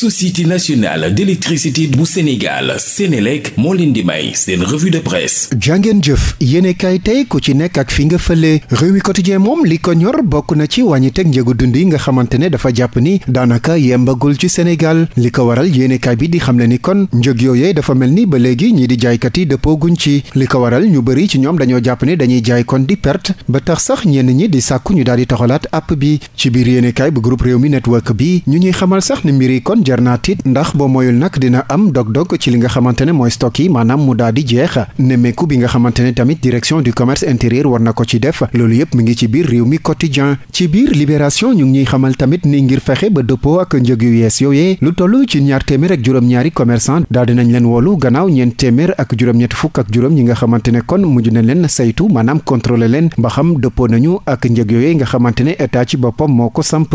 société nationale d'électricité bu Sénégal Sénélec moo leen di may seen revue de presse jàngeen jëf yéene kaay tey ku ci nekk ak fi nga fële réew mi quotidien moom li ko ñor bokk na ci wàññi teg njëgu dund yi nga xamante ne dafa jàpp ni daanaka yembagul ci Sénégal li ko waral yéene kaay bi di xamle ni kon njëg yooyee dafa mel ni ba léegi ñi di jaaykat yi dëppooguñ ci li ko waral ñu bëri ci ñoom dañoo jàpp ni dañuy jaay kon di perte ba tax sax ñenn ñi di sàkku ñu daal di toxalaat app bi ci biir yéene kaay bu groupe réew mi network bi ñu ñuy xamal sax ni mbir yi jar naa tiit ndax boo moyul nag dina am dog-dog ci li nga xamante ne mooy stock yi maanaam mu daal di jeex nemmeeku bi nga xamante ne tamit direction du commerce intérieur war na ko ci def loolu yëpp mi ngi ci biir réew mi quotidien ci biir libération ñu ngi ñuy xamal tamit ni ngir fexe ba dëppoo ak njëg yu yees yooyee lu toll ci ñaar téeméer ak juróom-ñaari commerçant daal dinañ leen woolu gannaaw ñeent téeméer ak juróom-ñetti fukk ak juróom ñi kon mujj na leen saytu maanaam contrôler leen ba xam dëppoo nañu ak njëg yooyee nga xamante ne état ci boppam moo ko samp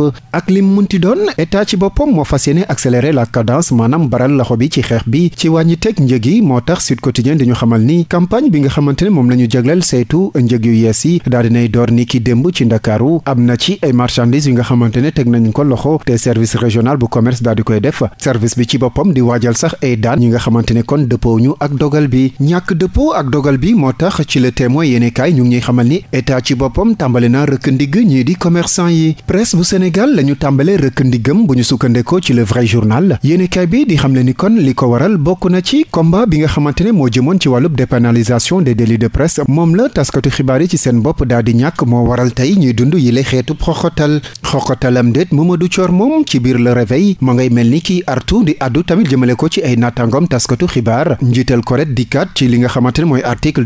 accélérer la cadence maanaam baral loxo bi ci xeex bi ci wàññi njëg yi moo tax Sud Quotidien di ñu xamal ni campagne bi nga xamante ne moom la ñu jagleel saytu njëg yu yees yi daal dinay door ni ki démb ci ndakaaru am na ci ay marchandises yi nga xamante ne teg nañu ko loxo te service régional bu commerce daal di koy def service bi ci boppam di waajal sax ay daan ñi nga xamante ne kon dëppoo ñu ak dogal bi ñàkk dëppoo ak dogal bi moo tax ci le témoin yéene kaay ñu ngi ñuy ni état ci boppam tàmbale na rëkk ndigg ñii di commerçant yi presse bu Sénégal la ñu tàmbale rëkk ndiggam bu ñu sukkandekoo ci le journal yéenekaay bi di xamle ni kon li ko waral bokk na ci combat bi nga xamante moo jëmoon ci wàllub dépénalisation des délits de presse moom la taskatu xibaar yi ci seen bopp daal ñàkk moo waral tey ñuy dund yi lay xeetub xoxotal xoxotalam déet Mamadou Thior moom ci biir Le Réveil ma ngay mel ni kii artu di addu tamit jëmale ko ci ay nattangom taskatu xibaar njiital koret dikkaat ci li nga xamante mooy article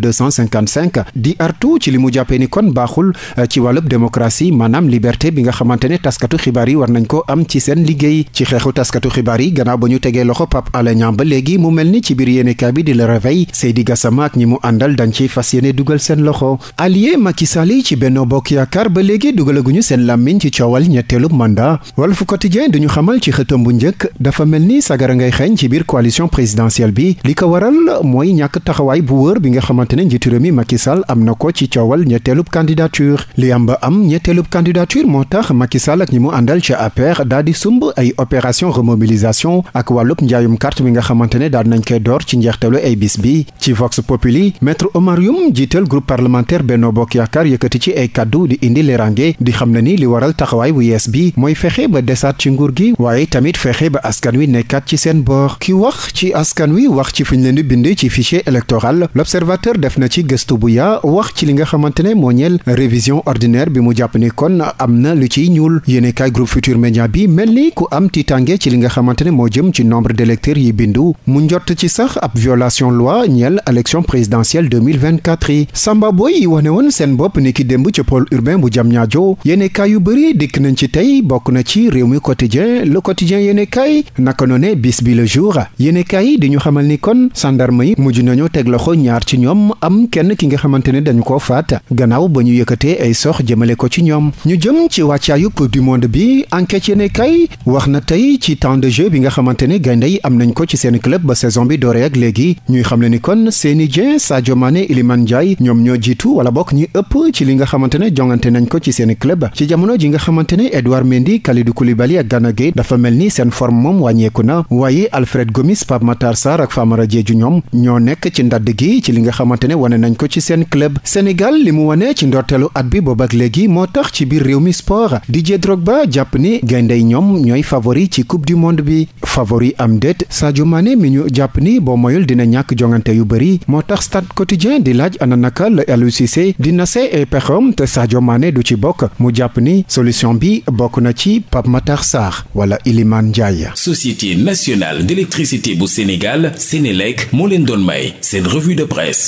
di artu ci li mu jàppee ni kon baaxul euh, taskatu xibaar yi gannaaw ba ñu tegee loxo Pape Alé Niang ba léegi mu mel ni ci biir yéenekaay bi di Le Réveil Seydi Gassama ak ñi mu àndal dañ ciy fas yéene dugal seen loxo allié Macky Sall yi ci Benno Bokk Yaakaar ba léegi dugalaguñu seen làmmiñ ci coowal ñetteelub mandat Walf Quotidien duñu xamal ci xëtam bu njëkk dafa mel ni sagara ngay xeeñ ci biir coalition présidentielle bi li ko waral mooy ñàkk taxawaay bu wër bi nga xamante ne njiitu réew mi Macky Sall am na ko ci coowal ñetteelub candidature li am ba am ñetteelub candidature moo tax Macky Sall ak ñi mu àndal ca APR daal di sumb ay opération remobilisation ak wàllub njaayum carte bi nga xamante ne nañ koy door ci njeextalu ay bis bi ci Vox Populi maître Omar jiital groupe parlementaire Benno Bokk Yaakaar yëkkati ci ay kàddu di indi leerange di xam ne ni li waral taxawaay bu bi mooy fexe ba desaat ci nguur gi waaye tamit fexe ba askan wi nekkaat ci seen boor ki wax ci askan wi wax ci fi ñu leen di bind ci fichier électoral l'observateur def na ci gëstu bu yaa wax ci li nga xamante ne moo ñeel révision ordinaire bi mu jàpp ni kon am na ci li nga xamante ne moo jëm ci nombre d'électeurs yi bindu mu njott ci sax ab violation loi ñeel élection présidentielle 2024 yi Samba Boy yi wane woon seen bopp ni ki démb ci pôle urbain bu Diamniadio yéene kaay yu bëri dikk nañ ci tey bokk na ci réew mi quotidien le quotidien yéene kaay naka noone bis bi le jour yéene kaay di ñu xamal ni kon sandarma yi mujj nañu teg loxo ñaar ci ñoom am kenn ki nga xamante ne dañu ko faat gannaaw ba ñu yëkkatee ay sox jëmale ko ci ñoom ñu jëm ci wàccaayub coupe du monde bi enquête temps de jeu bi nga xamante ne gaynde yi am nañ ko ci seen club ba saison bi dooree ak léegi ñuy xam le ni kon Seny Dieng Sadio Mané Iliman Ndiaye ñoom ñoo jiitu wala bokk ñi ëpp ci li nga xamante ne jongante nañ ko ci seen club ci jamono ji nga xamante ne Edouard Mendy Kalidou Koulibaly ak Gana Gueye dafa mel ni seen form moom wàññeeku na waaye Alfred Gomis Pape Matar Sarr ak Famara jéeju ñoom ñoo nekk ci ndadd gi ci li nga xamante ne wane nañ ko ci seen club Sénégal li mu wane ci ndorteelu at bi boobak léegi moo tax ci biir réew mi sport Didier Drogba jàpp ni gayndey ñoom ñooy du monde bi favori am déet Sadio Mané mi ñu jàpp ni boo moyul dina ñàkk jongante yu bëri moo tax stade quotidien di laaj ana naka la Aliou Cissé di nase e pexam te Sadio Mané du ci bokk mu jàpp ni solution bi bokk na ci Pape Matar Sarr wala Iliman Ndiaye. Société nationale d'électricité bu Sénégal Sénélec moo leen doon may seen revue de presse.